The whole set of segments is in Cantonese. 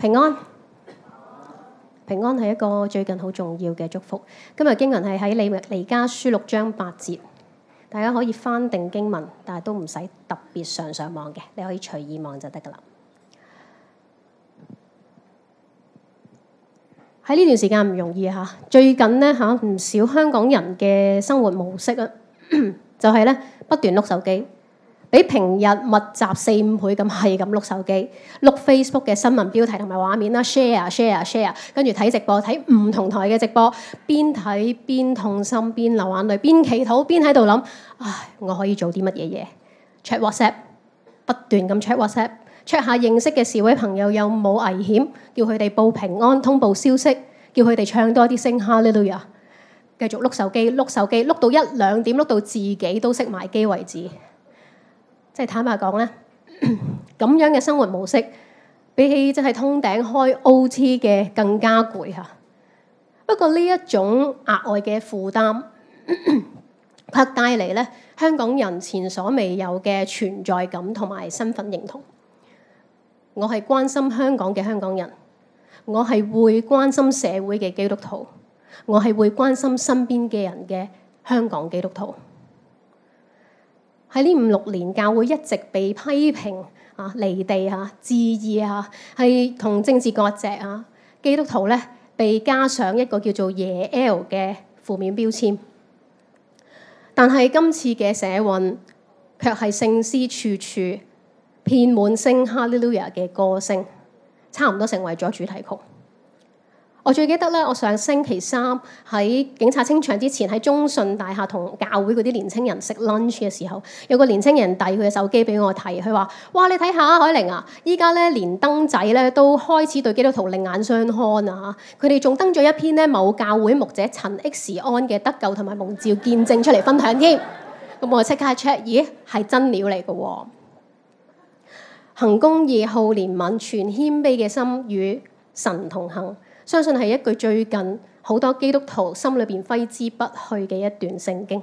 平安，平安係一個最近好重要嘅祝福。今日經文係喺《彌迦書》六章八節，大家可以翻定經文，但係都唔使特別上上網嘅，你可以隨意望就得噶啦。喺呢段時間唔容易吓，最近呢，吓唔少香港人嘅生活模式啊，就係、是、咧不斷碌手機。比平日密集四五倍咁係咁碌手機，碌 Facebook 嘅新聞標題同埋畫面啦，share share share，跟住睇直播，睇唔同台嘅直播，邊睇邊痛心，邊流眼淚，邊祈禱，邊喺度諗，唉，我可以做啲乜嘢嘢？check WhatsApp，不斷咁 check WhatsApp，check 下認識嘅示威朋友有冇危險，叫佢哋報平安，通報消息，叫佢哋唱多啲聲哈利路亞！繼續碌手機，碌手機，碌到一兩點，碌到自己都熄埋機為止。即係坦白講咧，咁樣嘅生活模式比起即係通頂開 OT 嘅更加攰吓。不過呢一種額外嘅負擔，卻帶嚟咧香港人前所未有嘅存在感同埋身份認同。我係關心香港嘅香港人，我係會關心社會嘅基督徒，我係會關心身邊嘅人嘅香港基督徒。喺呢五六年，教會一直被批評啊離地啊，質疑啊，係同政治割蓆啊，基督徒咧被加上一個叫做野 L 嘅負面標籤。但係今次嘅社運，卻係聖詩處處遍滿聖哈利路亞嘅歌聲，差唔多成為咗主題曲。我最記得咧，我上星期三喺警察清場之前，喺中信大廈同教會嗰啲年青人食 lunch 嘅時候，有個年青人遞佢嘅手機俾我睇，佢話：哇，你睇下凱玲啊，依家咧連登仔咧都開始對基督徒另眼相看啊！佢哋仲登咗一篇呢某教會牧者陳 X 安嘅得救同埋蒙召見證出嚟分享添啊。咁 我即刻 check，咦，係真料嚟嘅喎！行公義、好憐憫、全謙卑嘅心與神同行。相信係一句最近好多基督徒心裏邊揮之不去嘅一段聖經。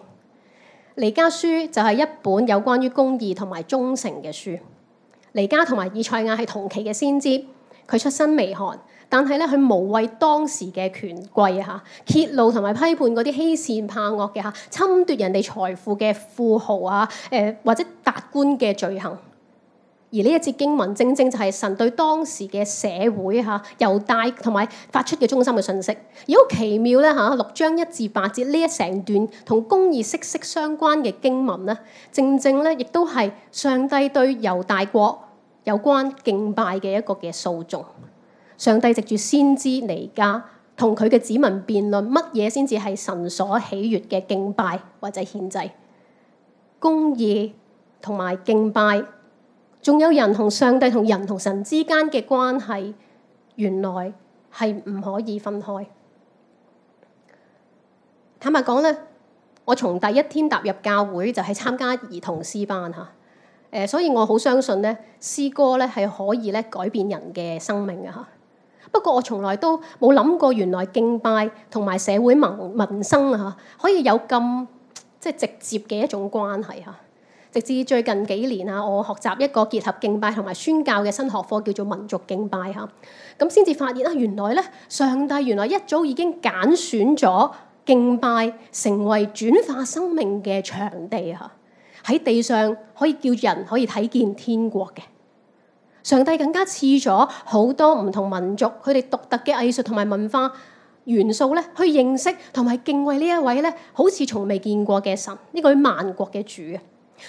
彌迦書就係一本有關於公義同埋忠誠嘅書。彌迦同埋以賽亞係同期嘅先知，佢出身微寒，但係咧佢無畏當時嘅權貴嚇，揭露同埋批判嗰啲欺善怕惡嘅嚇，侵奪人哋財富嘅富豪啊，誒、呃、或者達官嘅罪行。而呢一節經文正正就係神對當時嘅社會吓猶大同埋發出嘅中心嘅信息，而好奇妙咧吓，六章一至八節呢一整段同公義息息相關嘅經文咧，正正咧亦都係上帝對猶大國有關敬拜嘅一個嘅訴訟。上帝藉住先知彌迦同佢嘅子民辯論乜嘢先至係神所喜悅嘅敬拜或者獻祭，公義同埋敬拜，仲有人同上帝同人同神之間嘅關係，原來係唔可以分開。坦白講咧，我從第一天踏入教會就係參加兒童詩班吓，所以我好相信咧，詩歌咧係可以咧改變人嘅生命啊吓。不過我從來都冇諗過，原來敬拜同埋社會民民生啊，可以有咁即係直接嘅一種關係吓。直至最近幾年啊，我學習一個結合敬拜同埋宣教嘅新學科，叫做民族敬拜嚇。咁先至發現啦，原來咧上帝原來一早已經揀選咗敬拜成為轉化生命嘅場地嚇，喺、啊、地上可以叫人可以睇見天國嘅上帝，更加賜咗好多唔同民族佢哋獨特嘅藝術同埋文化元素咧，去認識同埋敬畏呢一位咧好似從未見過嘅神，呢、這個係萬國嘅主啊！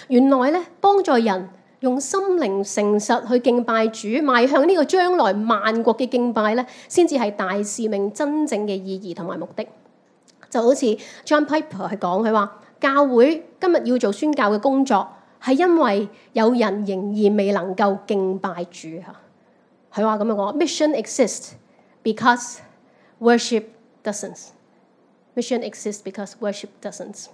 原來咧，幫助人用心靈誠實去敬拜主，邁向呢個將來萬國嘅敬拜咧，先至係大使命真正嘅意義同埋目的。就好似 John Piper 去講，佢話：教會今日要做宣教嘅工作，係因為有人仍然未能夠敬拜主嚇。佢話咁樣講，mission exists because worship doesn't。Mission exists because worship doesn't。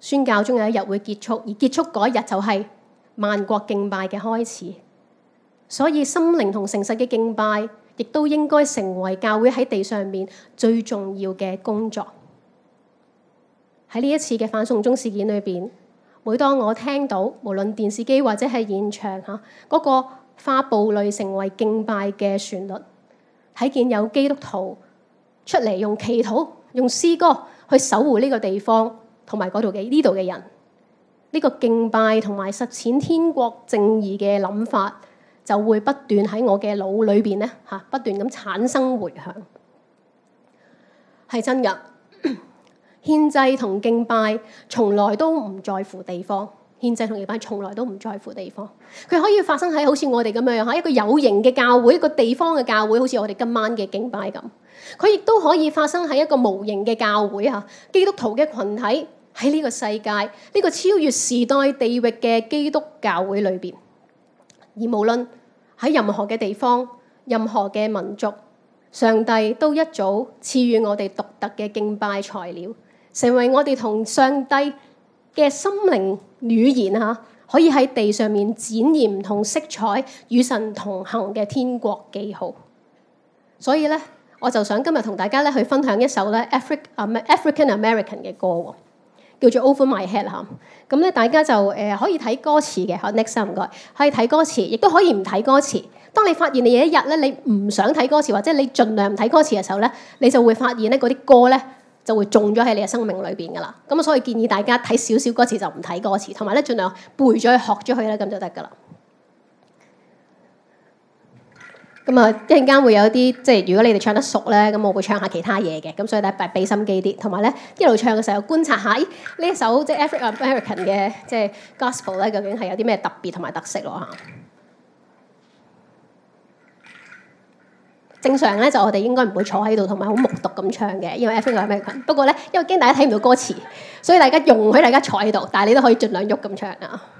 宣教終有一日會結束，而結束嗰一日就係萬國敬拜嘅開始。所以心靈同誠實嘅敬拜，亦都應該成為教會喺地上面最重要嘅工作。喺呢一次嘅反送中事件裏邊，每當我聽到無論電視機或者係現場嚇嗰、那個化暴戾成為敬拜嘅旋律，睇見有基督徒出嚟用祈禱、用詩歌去守護呢個地方。同埋嗰度嘅呢度嘅人，呢、這個敬拜同埋實踐天國正義嘅諗法，就會不斷喺我嘅腦裏邊咧吓不斷咁產生回響，係真噶。獻 祭同敬拜從來都唔在乎地方，獻祭同敬拜從來都唔在乎地方。佢可以發生喺好似我哋咁樣樣嚇一個有形嘅教會，一個地方嘅教會，好似我哋今晚嘅敬拜咁。佢亦都可以發生喺一個無形嘅教會吓基督徒嘅群體。喺呢個世界，呢、呢個超越時代地域嘅基督教會裏邊，而無論喺任何嘅地方、任何嘅民族，上帝都一早賜予我哋獨特嘅敬拜材料，成為我哋同上帝嘅心靈語言嚇，可以喺地上面展現唔同色彩，與神同行嘅天國記號。所以咧，我就想今日同大家咧去分享一首咧 African 啊咩 African American 嘅歌喎。叫做 Over My Head 嚇，咁咧、啊、大家就誒可以睇歌詞嘅，好 Next 啊唔該，可以睇歌，歌詞，亦都可以唔睇歌詞。當你發現你有一日咧，你唔想睇歌詞，或者你儘量唔睇歌詞嘅時候咧，你就會發現咧嗰啲歌咧就會中咗喺你嘅生命裏邊噶啦。咁、啊、所以建議大家睇少少歌詞就唔睇歌詞，同埋咧儘量背咗去學咗去咧咁就得噶啦。咁啊，一陣間會有啲即係如果你哋唱得熟咧，咁我會唱下其他嘢嘅。咁所以大家俾心機啲，同埋咧一路唱嘅時候觀察下一，咦呢首即係 African American 嘅即係 Gospel 咧，究竟係有啲咩特別同埋特色咯嚇？嗯、正常咧就我哋應該唔會坐喺度同埋好木獨咁唱嘅，因為 African American。不過咧，因為驚大家睇唔到歌詞，所以大家容許大家坐喺度，但係你都可以盡量喐咁唱啊。嗯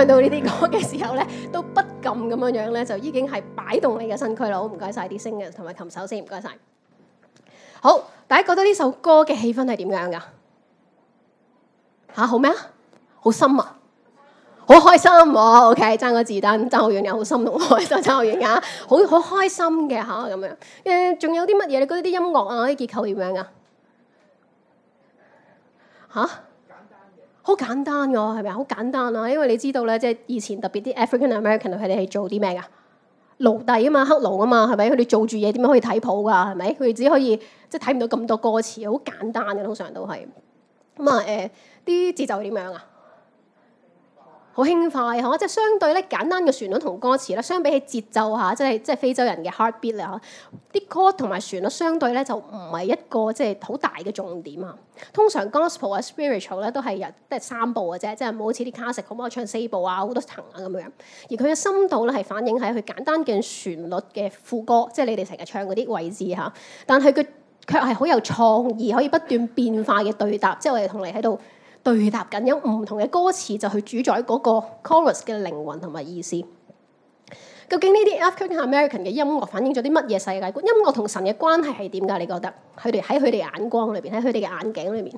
唱到呢啲歌嘅時候咧，都不禁咁樣樣咧，就已經係擺動你嘅身軀啦。好唔該晒啲星人，同埋琴手先，唔該晒。好，大家覺得呢首歌嘅氣氛係點樣噶？吓、啊，好咩啊？好深啊？好開心啊，啊？OK，爭個字，但爭好遠又好深同開心，爭好遠啊！好好開心嘅吓，咁、啊、樣。誒、啊，仲有啲乜嘢？你覺得啲音樂啊啲結構點樣啊？吓？好簡單㗎，係咪啊？好簡單啊，因為你知道咧，即係以前特別啲 African American 佢哋係做啲咩㗎？奴隸啊嘛，黑奴啊嘛，係咪？佢哋做住嘢點樣可以睇譜㗎？係咪？佢哋只可以即係睇唔到咁多歌詞，好簡單嘅，通常都係咁啊。誒，啲、欸、節奏點樣啊？好輕快嚇，即係相對咧簡單嘅旋律同歌詞咧，相比起節奏嚇、啊，即係即係非洲人嘅 heart beat 咧、啊、啲歌同埋旋律相對咧就唔係一個即係好大嘅重點啊。通常 gospel 啊 spiritual 咧都係有即係三部嘅啫，即係冇好似啲 classic 咁可以唱四部啊好多層啊咁樣。而佢嘅深度咧係反映喺佢簡單嘅旋律嘅副歌，即係你哋成日唱嗰啲位置嚇、啊。但係佢卻係好有創意，可以不斷變化嘅對答，即係我哋同你喺度。對答緊有唔同嘅歌詞，就去主宰嗰個 chorus 嘅靈魂同埋意思。究竟呢啲 Afro-American 嘅音樂反映咗啲乜嘢世界觀？音樂同神嘅關係係點㗎？你覺得佢哋喺佢哋眼光裏邊，喺佢哋嘅眼鏡裏面，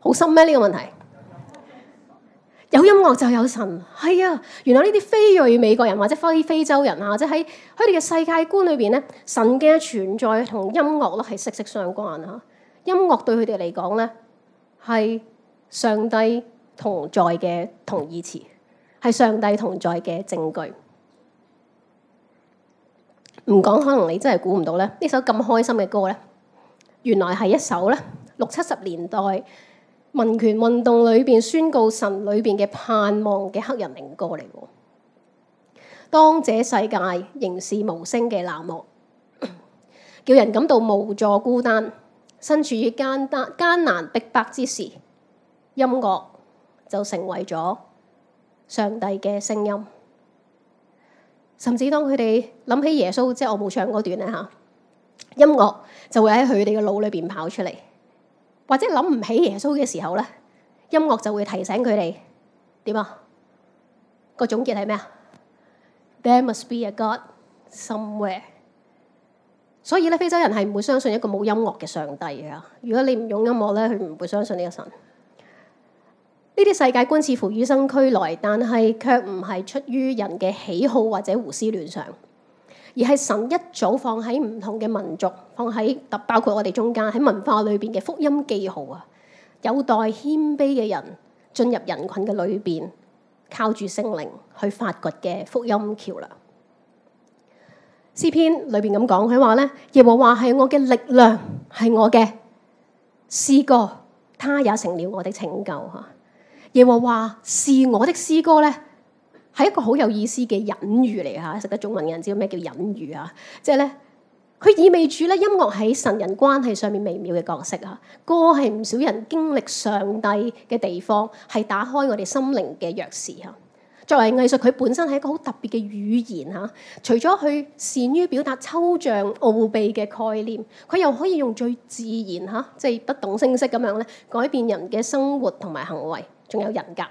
好深咩？呢、呢個問題？有音樂就有神，係啊！原來呢啲非裔美國人或者非非洲人啊，或者喺佢哋嘅世界觀裏邊咧，神嘅存在同音樂咧係息息相關啊！音樂對佢哋嚟講咧，係上帝同在嘅同義詞，係上帝同在嘅證據。唔講，可能你真係估唔到咧！呢首咁開心嘅歌咧，原來係一首咧六七十年代。民權運動裏邊宣告神裏邊嘅盼望嘅黑人靈歌嚟，當這世界仍是無聲嘅冷漠， 叫人感到無助孤單，身處於艱難艱難逼迫之時，音樂就成為咗上帝嘅聲音。甚至當佢哋諗起耶穌，即係我冇唱嗰段咧吓，音樂就會喺佢哋嘅腦裏邊跑出嚟。或者諗唔起耶穌嘅時候咧，音樂就會提醒佢哋點啊？個總結係咩啊？There must be a God somewhere。所以咧，非洲人係唔會相信一個冇音樂嘅上帝噶。如果你唔用音樂呢，佢唔會相信呢個神。呢啲世界觀似乎與生俱來，但係卻唔係出於人嘅喜好或者胡思亂想。而係神一早放喺唔同嘅民族，放喺包括我哋中間喺文化裏面嘅福音記號啊，有待謙卑嘅人進入人群嘅裏邊，靠住聖靈去發掘嘅福音橋樑。詩篇裏邊咁講，佢話咧，耶和華係我嘅力量，係我嘅詩歌，他也成了我的拯救吓。耶和華是我的詩歌呢。係一個好有意思嘅隱喻嚟吓，識得中文嘅人知道咩叫隱喻啊？即係咧，佢意味住咧，音樂喺神人關係上面微妙嘅角色啊。歌係唔少人經歷上帝嘅地方，係打開我哋心靈嘅鑰匙啊。作為藝術，佢本身係一個好特別嘅語言吓。除咗佢善於表達抽象奧秘嘅概念，佢又可以用最自然吓，即係不動聲色咁樣咧，改變人嘅生活同埋行為，仲有人格。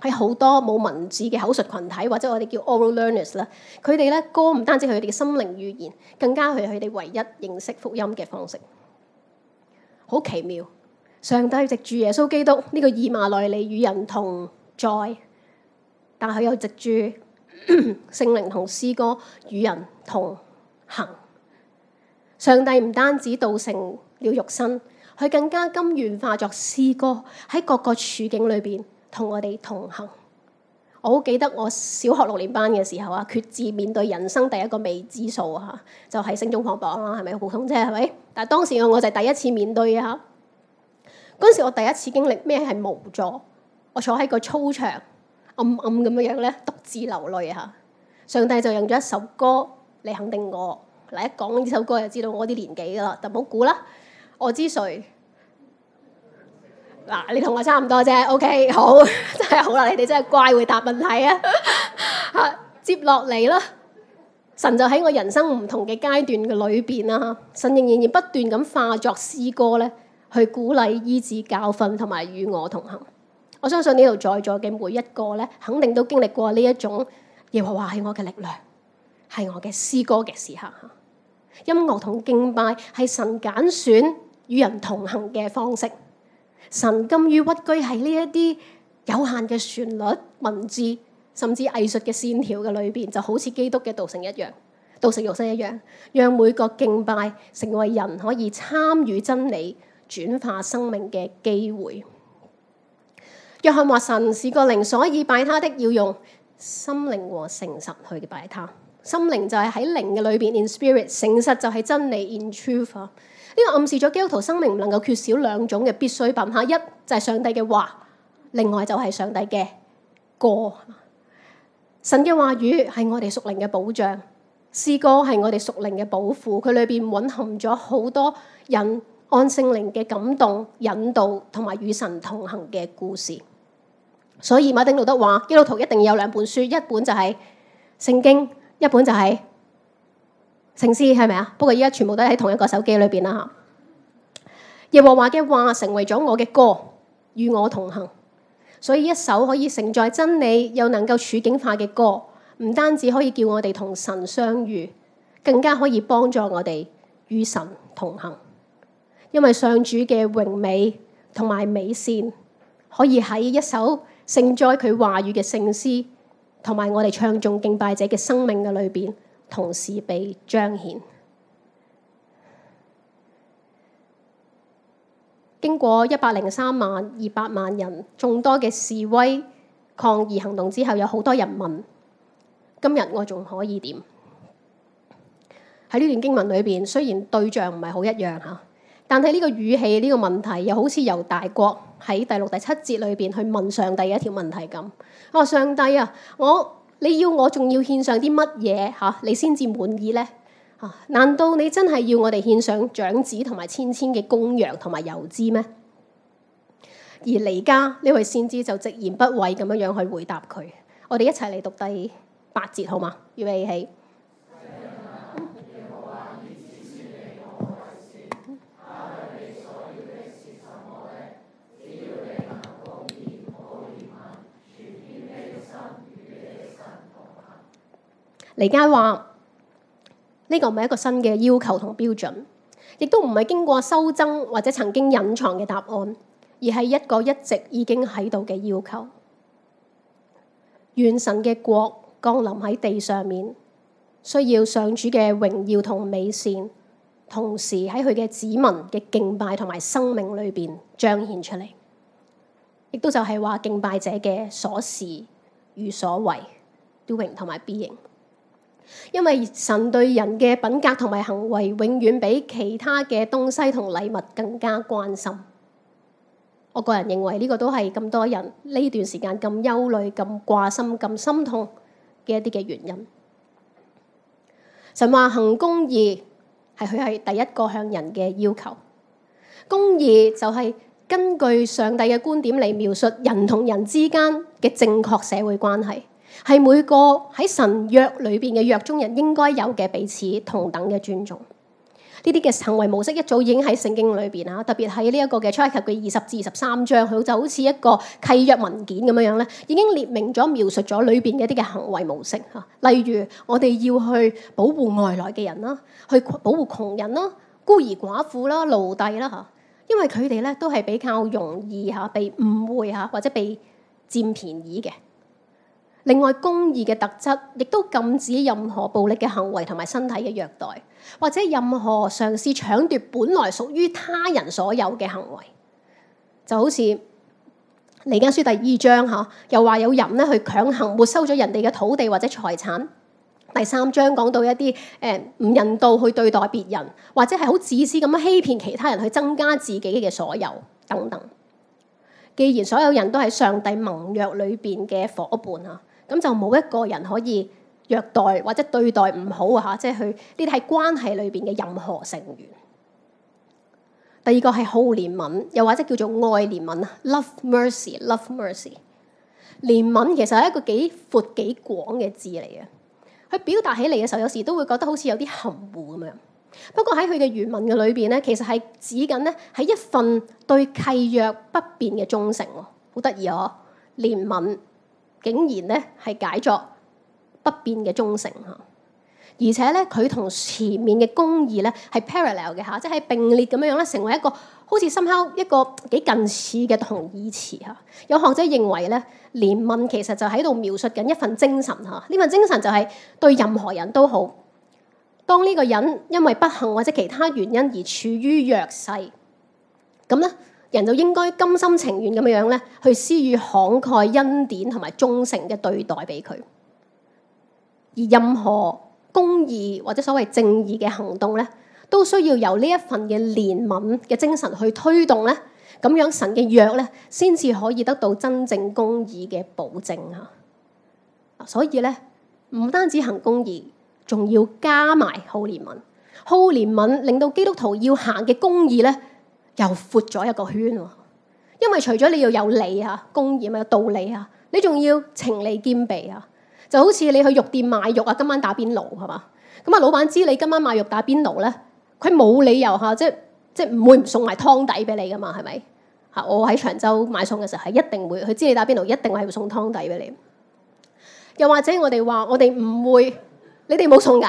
喺好多冇文字嘅口述群體，或者我哋叫 oral learners 啦，佢哋咧，歌唔單止係佢哋嘅心靈語言，更加係佢哋唯一認識福音嘅方式。好奇妙！上帝藉住耶穌基督呢個以馬內利與人同在，但佢又藉住 聖靈同詩歌與人同行。上帝唔單止道成了肉身，佢更加甘願化作詩歌喺各個處境裏邊。同我哋同行，我好記得我小學六年班嘅時候啊，決志面對人生第一個未知數啊，就係、是、升中放榜啦，係咪好普通啫？係咪？但當時我就係第一次面對啊，嗰時我第一次經歷咩係無助，我坐喺個操場暗暗咁樣樣咧，獨自流淚啊，上帝就用咗一首歌嚟肯定我，嗱，一講呢首歌就知道我啲年紀噶啦，就冇估啦，我知誰。嗱，你同我差唔多啫，OK，好，真係好啦，你哋真係乖，會答問題啊！ 啊，接落嚟啦，神就喺我人生唔同嘅階段嘅裏邊啦，神仍然不斷咁化作詩歌咧，去鼓勵、醫治、教訓同埋與我同行。我相信呢度在座嘅每一個咧，肯定都經歷過呢一種耶和華係我嘅力量，係我嘅詩歌嘅時刻。音樂同敬拜係神揀選與人同行嘅方式。神甘於屈居喺呢一啲有限嘅旋律、文字，甚至藝術嘅線條嘅裏邊，就好似基督嘅道成一樣，道成肉身一樣，讓每個敬拜成為人可以參與真理、轉化生命嘅機會。約翰話神是個靈，所以拜他的要用心靈和誠實去拜他。心靈就係喺靈嘅裏邊，in spirit；誠實就係真理，in truth。呢個暗示咗基督徒生命唔能夠缺少兩種嘅必需品吓，一就係、是、上帝嘅話，另外就係上帝嘅歌。神嘅話語係我哋屬靈嘅保障，詩歌係我哋屬靈嘅保護，佢裏邊蘊含咗好多人按聖靈嘅感動引導同埋與神同行嘅故事。所以馬丁路德話，基督徒一定要有兩本書，一本就係聖經，一本就係、是。聖詩係咪啊？不過依家全部都喺同一個手機裏邊啦吓。耶和華嘅話、話、話成為咗我嘅歌，與我同行。所以一首可以承載真理又能夠處境化嘅歌，唔單止可以叫我哋同神相遇，更加可以幫助我哋與神同行。因為上主嘅榮美同埋美善，可以喺一首盛載佢話語嘅聖詩，同埋我哋唱頌敬拜者嘅生命嘅裏邊同時被彰顯。經過一百零三萬、二百萬人眾多嘅示威抗議行動之後，有好多人問，今日我仲可以點？喺呢段經文裏邊，雖然對象唔係好一樣嚇，但係呢個語氣呢、呢個問題，又好似由大國喺第六、第七節裏邊去問上帝一條問題咁。我、啊、上帝啊，我。你要我仲要獻上啲乜嘢嚇？你先至滿意呢？嚇？難道你真係要我哋獻上長子同埋千千嘅公羊同埋油脂咩？而彌迦，呢位先知就直言不諱咁樣樣去回答佢。我哋一齊嚟讀第八節好嘛？預備起。黎佳話：呢、這個唔係一個新嘅要求同標準，亦都唔係經過修增或者曾經隱藏嘅答案，而係一個一直已經喺度嘅要求。願神嘅國降臨喺地上面，需要上主嘅榮耀同美善，同時喺佢嘅子民嘅敬拜同埋生命裏邊彰顯出嚟，亦都就係話敬拜者嘅所事與所為，doing 同埋 being。因為神對人嘅品格同埋行為，永遠比其他嘅東西同禮物更加關心。我個人認為呢個都係咁多人呢段時間咁憂慮、咁掛心、咁心痛嘅一啲嘅原因。神話行公義係佢係第一個向人嘅要求，公義就係根據上帝嘅觀點嚟描述人同人之間嘅正確社會關係。係每個喺神約裏邊嘅約中人應該有嘅彼此同等嘅尊重，呢啲嘅行為模式一早已經喺聖經裏邊啊，特別喺呢一個嘅出埃及嘅二十至二十三章，好就好似一個契約文件咁樣樣咧，已經列明咗描述咗裏邊嘅一啲嘅行為模式啊，例如我哋要去保護外來嘅人啦、啊，去保護窮人啦、啊、孤兒寡婦啦、啊、奴隸啦吓、啊，因為佢哋咧都係比較容易吓、啊、被誤會吓、啊、或者被佔便宜嘅。另外，公義嘅特質亦都禁止任何暴力嘅行為同埋身體嘅虐待，或者任何嘗試搶奪本來屬於他人所有嘅行為。就好似《彌迦書》第二章，吓，又話有人咧去強行沒收咗人哋嘅土地或者財產。第三章講到一啲誒唔人道去對待別人，或者係好自私咁樣欺騙其他人去增加自己嘅所有等等。既然所有人都係上帝盟約裏邊嘅伙伴啊，咁就冇一個人可以虐待或者對待唔好吓，即係佢呢啲係關係裏邊嘅任何成員。第二個係好憐憫，又或者叫做愛憐憫啊，love mercy，love mercy。憐憫其實係一個幾闊幾廣嘅字嚟嘅，佢表達起嚟嘅時候，有時都會覺得好似有啲含糊咁樣。不過喺佢嘅原文嘅裏邊咧，其實係指緊咧係一份對契約不變嘅忠誠，好得意哦！啊、憐憫。竟然咧係解作不變嘅忠誠嚇，而且咧佢同前面嘅公義咧係 parallel 嘅嚇，即係並列咁樣樣咧，成為一個好似深刻一個幾近似嘅同義詞嚇。有學者認為咧，憐憫其實就喺度描述緊一份精神嚇，呢份精神就係對任何人都好。當呢個人因為不幸或者其他原因而處於弱勢，咁咧。人就應該甘心情願咁樣咧，去施予慷慨、慨、恩典同埋忠誠嘅對待俾佢。而任何公義或者所謂正義嘅行動咧，都需要由呢一份嘅憐憫嘅精神去推動咧。咁樣神嘅約咧，先至可以得到真正公義嘅保證吓。所以咧，唔單止行公義，仲要加埋好憐憫。好憐憫令到基督徒要行嘅公義咧，又闊咗一個圈喎，因為除咗你要有理啊、公義啊、有道理啊，你仲要情理兼備啊，就好似你去肉店買肉啊，今晚打邊爐係嘛？咁啊，老闆知你今晚買肉打邊爐呢，佢冇理由嚇、啊，即係唔會唔送埋湯底俾你噶嘛，係咪？嚇，我喺長洲買餸嘅時候係一定會，佢知你打邊爐一定係會送湯底俾你。又或者我哋話，我哋唔會，你哋冇送㗎。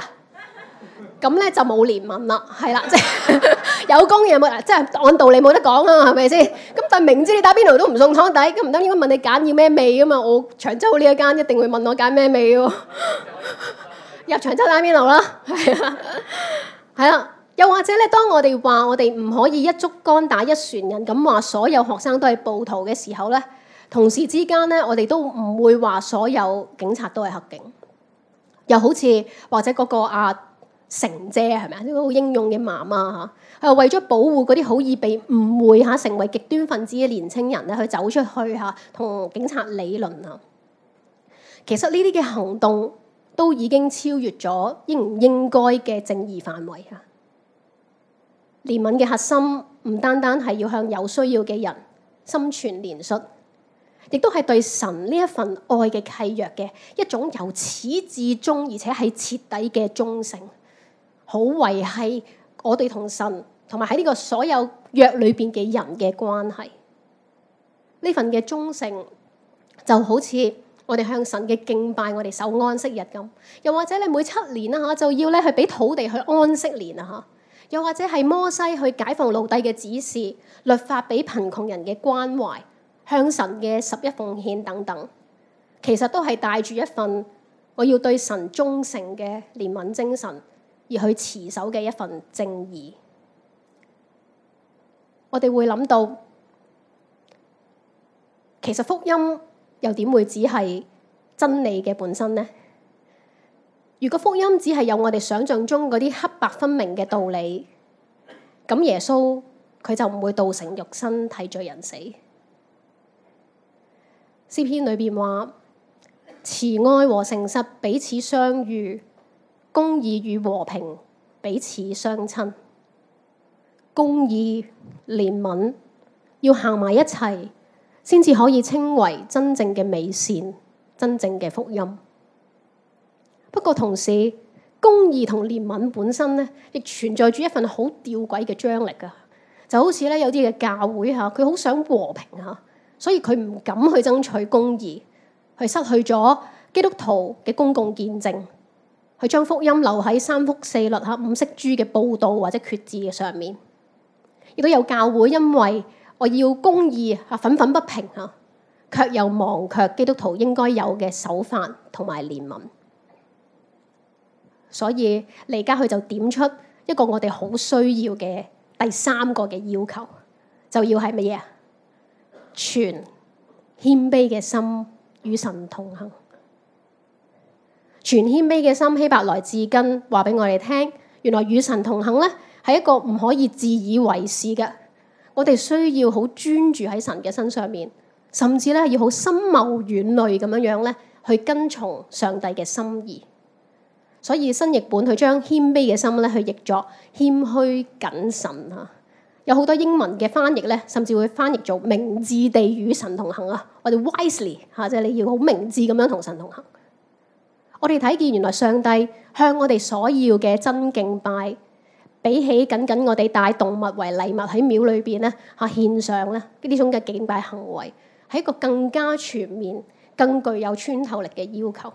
咁咧就冇憐憫啦，係啦，即係有公嘢冇，即係按道理冇得講啊，係咪先？咁但係明知你打邊爐都唔送湯底，咁唔通應該問你揀要咩味啊嘛？我長洲呢一間一定會問我揀咩味喎， 入長洲打邊爐啦，係啊，係啦。 又或者咧，當我哋話我哋唔可以一竹竿打一船人咁話，所有學生都係暴徒嘅時候咧，同時之間咧，我哋都唔會話所有警察都係黑警，又好似或者嗰個啊。成姐係咪啊？呢個好英勇嘅媽媽嚇，係為咗保護嗰啲好易被誤會嚇成為極端分子嘅年青人咧、啊，去走出去嚇，同、啊、警察理論啊！其實呢啲嘅行動都已經超越咗應唔應該嘅正義範圍啊！憐憫嘅核心唔單單係要向有需要嘅人心存憐恤，亦都係對神呢一份愛嘅契約嘅一種由始至終而且係徹底嘅忠誠。好維繫我哋同神，同埋喺呢個所有約裏邊嘅人嘅關係。呢份嘅忠誠就好似我哋向神嘅敬拜，我哋守安息日咁。又或者你每七年啦吓，就要咧去俾土地去安息年啊吓。又或者係摩西去解放奴隸嘅指示，律法俾貧窮人嘅關懷，向神嘅十一奉獻等等，其實都係帶住一份我要對神忠誠嘅憐憫精神。而去持守嘅一份正義，我哋會諗到，其實福音又點會只係真理嘅本身呢？如果福音只係有我哋想象中嗰啲黑白分明嘅道理，咁耶穌佢就唔會道成肉身、替罪人死。詩篇裏邊話：慈愛和誠實彼此相遇。公義與和平彼此相親，公義憐憫要行埋一齊，先至可以稱為真正嘅美善，真正嘅福音。不過同時，公義同憐憫本身咧，亦存在住一份好吊詭嘅張力噶。就好似咧，有啲嘅教會吓，佢好想和平吓，所以佢唔敢去爭取公義，佢失去咗基督徒嘅公共見證。佢將福音留喺三福四律五色珠嘅報導或者決志嘅上面，亦都有教會因為我要公義啊，憤憤不平啊，卻又忘卻基督徒應該有嘅手法同埋憐憫，所以而家佢就點出一個我哋好需要嘅第三個嘅要求，就要係乜嘢？全謙卑嘅心與神同行。全謙卑嘅心，希伯來字根話俾我哋聽，原來與神同行咧，係一個唔可以自以為是嘅。我哋需要好專注喺神嘅身上面，甚至咧要好深謀遠慮咁樣樣咧，去跟從上帝嘅心意。所以新譯本佢將謙卑嘅心咧，去譯作謙虛謹慎吓。有好多英文嘅翻譯咧，甚至會翻譯做明智地與神同行啊。我哋 wisely 吓，即係你要好明智咁樣同神同行。我哋睇見原來上帝向我哋所要嘅真敬拜，比起僅僅我哋帶動物為禮物喺廟裏邊咧吓獻上咧呢種嘅敬拜行為，係一個更加全面、更具有穿透力嘅要求。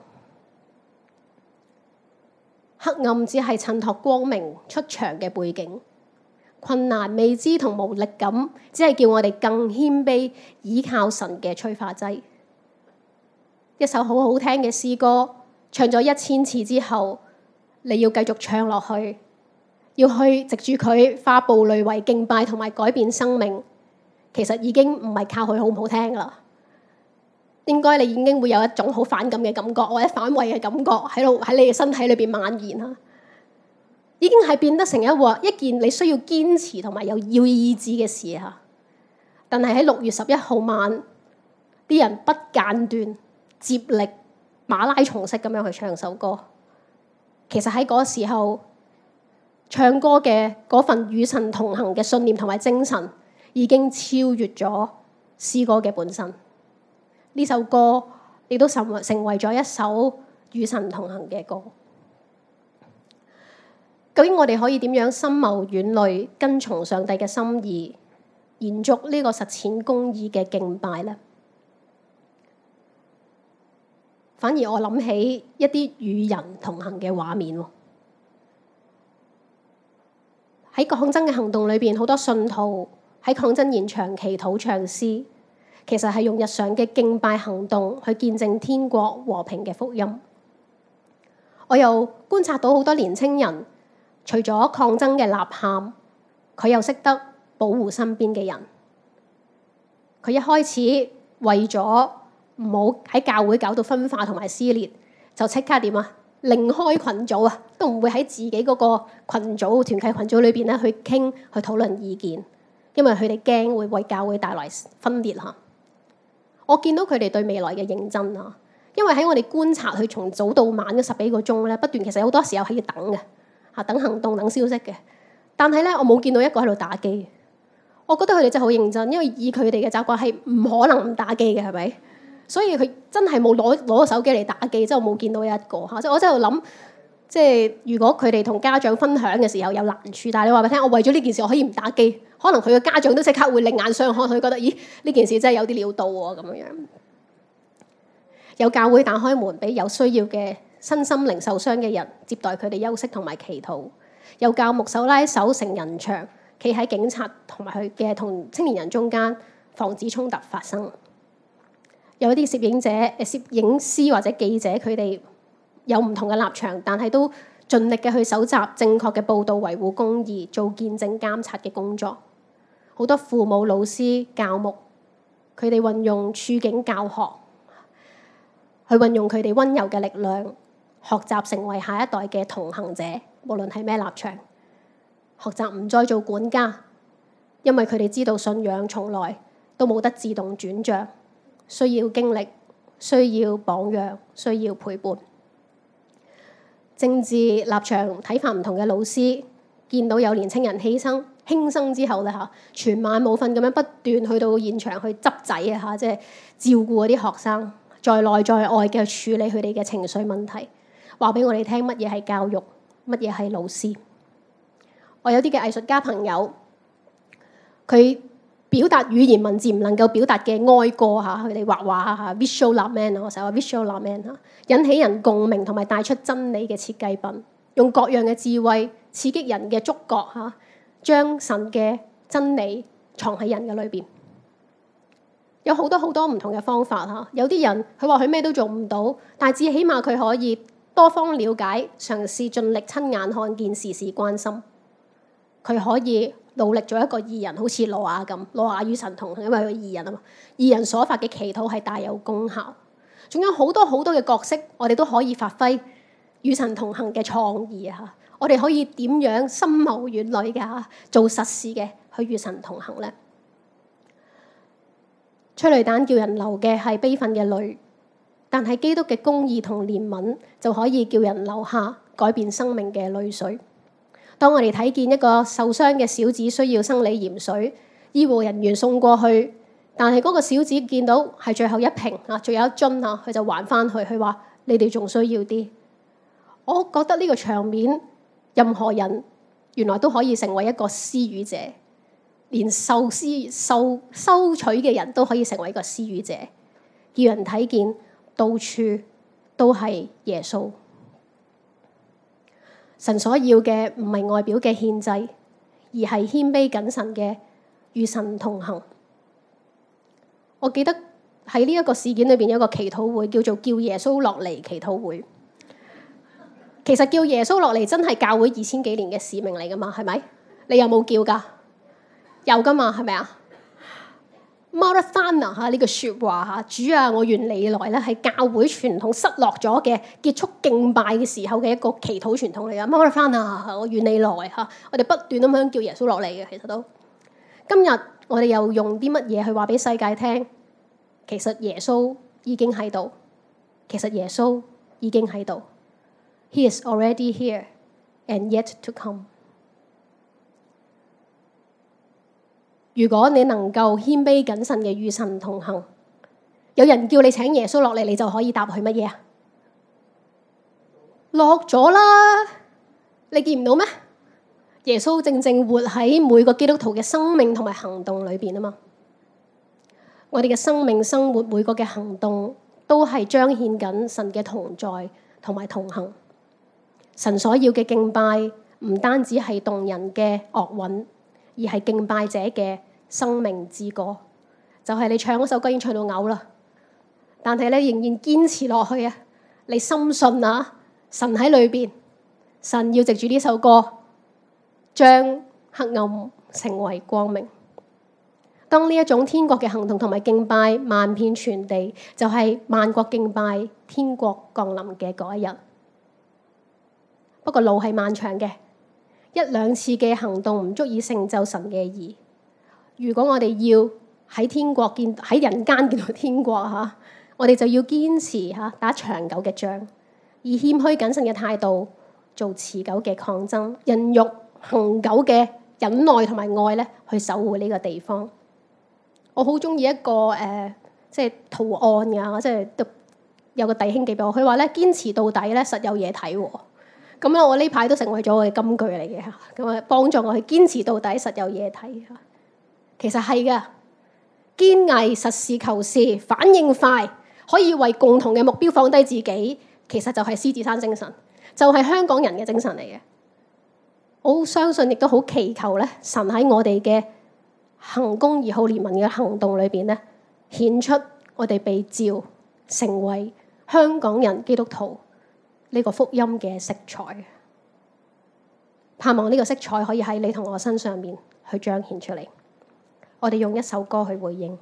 黑暗只係襯托光明出場嘅背景，困難未知同無力感，只係叫我哋更謙卑依靠神嘅催化劑。一首好好聽嘅詩歌。唱咗一千次之後，你要繼續唱落去，要去藉住佢化暴戾為敬拜，同埋改變生命。其實已經唔係靠佢好唔好聽啦，應該你已經會有一種好反感嘅感覺，或者反胃嘅感覺喺度喺你嘅身體裏邊蔓延啦。已經係變得成一鑊一件你需要堅持同埋有要意志嘅事嚇。但係喺六月十一號晚，啲人不間斷接力。馬拉松式咁樣去唱首歌，其實喺嗰時候唱歌嘅嗰份與神同行嘅信念同埋精神，已經超越咗詩歌嘅本身。呢首歌亦都成為成為咗一首與神同行嘅歌。究竟我哋可以點樣深謀遠慮、跟從上帝嘅心意，延續呢個實踐公義嘅敬拜呢？反而我諗起一啲與人同行嘅畫面，喺抗爭嘅行動裏邊，好多信徒喺抗爭現場祈禱唱詩，其實係用日常嘅敬拜行動去見證天國和平嘅福音。我又觀察到好多年青人，除咗抗爭嘅吶喊，佢又識得保護身邊嘅人。佢一開始為咗。唔好喺教會搞到分化同埋撕裂，就即刻點啊？另開群組啊，都唔會喺自己嗰個群組團契群組裏邊咧去傾去討論意見，因為佢哋驚會為教會帶來分裂吓。我見到佢哋對未來嘅認真啊，因為喺我哋觀察佢從早到晚嘅十幾個鐘咧，不斷，其實好多時候係要等嘅，吓等行動、等消息嘅。但係咧，我冇見到一個喺度打機。我覺得佢哋真係好認真，因為以佢哋嘅習慣係唔可能唔打機嘅，係咪？所以佢真係冇攞攞手機嚟打機，真係我冇見到一個嚇。即係我真係諗，即係如果佢哋同家長分享嘅時候有難處，但係你話俾我聽，我為咗呢件事我可以唔打機。可能佢嘅家長都即刻會另眼相看，佢覺得咦呢件事真係有啲料到喎咁樣。有教會打開門俾有需要嘅身心靈受傷嘅人接待佢哋休息同埋祈禱。有教牧手拉手成人牆，企喺警察同埋佢嘅同青年人中間，防止衝突發生。有一啲攝影者、誒攝影師或者記者，佢哋有唔同嘅立場，但係都盡力嘅去搜集正確嘅報道，維護公義，做見證監察嘅工作。好多父母、老師、教牧，佢哋運用處境教學，去運用佢哋溫柔嘅力量，學習成為下一代嘅同行者，無論係咩立場，學習唔再做管家，因為佢哋知道信仰從來都冇得自動轉賬。需要經歷，需要榜樣，需要陪伴。政治立場睇法唔同嘅老師，見到有年青人犧牲，輕生之後咧嚇，全晚冇瞓咁樣不斷去到現場去執仔啊嚇，即係照顧嗰啲學生，在內在外嘅處理佢哋嘅情緒問題，話俾我哋聽乜嘢係教育，乜嘢係老師。我有啲嘅藝術家朋友，佢。表達語言文字唔能夠表達嘅哀歌嚇，佢哋畫畫嚇，visual art，我成日話 visual art 引起人共鳴同埋帶出真理嘅設計品，用各樣嘅智慧刺激人嘅觸覺嚇，將神嘅真理藏喺人嘅裏邊。有好多好多唔同嘅方法嚇，有啲人佢話佢咩都做唔到，但至少起碼佢可以多方了解，嘗試盡力親眼看見，事事關心，佢可以。努力做一個義人，好似挪亞咁，挪亞與神同行，因為佢義人啊嘛。義人所發嘅祈禱係大有功效，仲有好多好多嘅角色，我哋都可以發揮與神同行嘅創意啊！我哋可以點樣深謀遠慮嘅做實事嘅去與神同行呢？催淚彈叫人流嘅係悲憤嘅淚，但係基督嘅公義同憐憫就可以叫人流下改變生命嘅淚水。當我哋睇見一個受傷嘅小子需要生理鹽水，醫護人員送過去，但係嗰個小子見到係最後一瓶啊，仲有一樽啊，佢就還翻去，佢話你哋仲需要啲。我覺得呢個場面，任何人原來都可以成為一個施予者，連受施受收取嘅人都可以成為一個施予者，叫人睇見到處都係耶穌。神所要嘅唔係外表嘅獻祭，而係謙卑謹慎嘅與神同行。我記得喺呢一個事件裏邊有一個祈禱會，叫做叫耶穌落嚟祈禱會。其實叫耶穌落嚟真係教會二千幾年嘅使命嚟噶嘛？係咪？你有冇叫噶？有噶嘛？係咪啊？Maranatha！嚇呢個説話嚇，主啊，我願你來咧，係教會傳統失落咗嘅結束敬拜嘅時候嘅一個祈禱傳統嚟 Mora 嘅。Maranatha，我願你來嚇，我哋不斷咁樣叫耶穌落嚟嘅，其實都今日我哋又用啲乜嘢去話俾世界聽？其實耶穌已經喺度，其實耶穌已經喺度。He is already here and yet to come. 如果你能夠謙卑謹慎嘅與神同行，有人叫你請耶穌落嚟，你就可以答佢乜嘢啊？落咗啦，你見唔到咩？耶穌正正活喺每個基督徒嘅生命同埋行動裏邊啊嘛！我哋嘅生命、生活、每個嘅行動，都係彰顯緊神嘅同在同埋同行。神所要嘅敬拜，唔單止係動人嘅樂韻。而係敬拜者嘅生命之歌，就係你唱嗰首歌已經唱到嘔啦，但係咧仍然堅持落去啊！你深信啊，神喺裏邊，神要藉住呢首歌，將黑暗成為光明。當呢一種天國嘅行動同埋敬拜萬遍全地，就係萬國敬拜天國降臨嘅嗰一日。不過路係漫長嘅。一兩次嘅行動唔足以成就神嘅義。如果我哋要喺天國見，喺人間見到天國嚇，我哋就要堅持嚇打長久嘅仗，以謙虛謹慎嘅態度做持久嘅抗爭，孕育恒久嘅忍耐同埋愛咧，去守護呢個地方。我好中意一個誒、呃，即係圖案啊！即係有個弟兄寄俾我，佢話咧堅持到底咧，實有嘢睇喎。咁咧，我呢排都成為咗我嘅金句嚟嘅，咁啊幫助我去堅持到底，實有嘢睇。其實係嘅，堅毅、實事求是、反應快，可以為共同嘅目標放低自己，其實就係獅子山精神，就係、是、香港人嘅精神嚟嘅。我相信，亦都好祈求咧，神喺我哋嘅行公義好憐憫嘅行動裏邊咧，顯出我哋被召成為香港人基督徒。呢個福音嘅色彩，盼望呢個色彩可以喺你同我身上面去彰顯出嚟。我哋用一首歌去回應。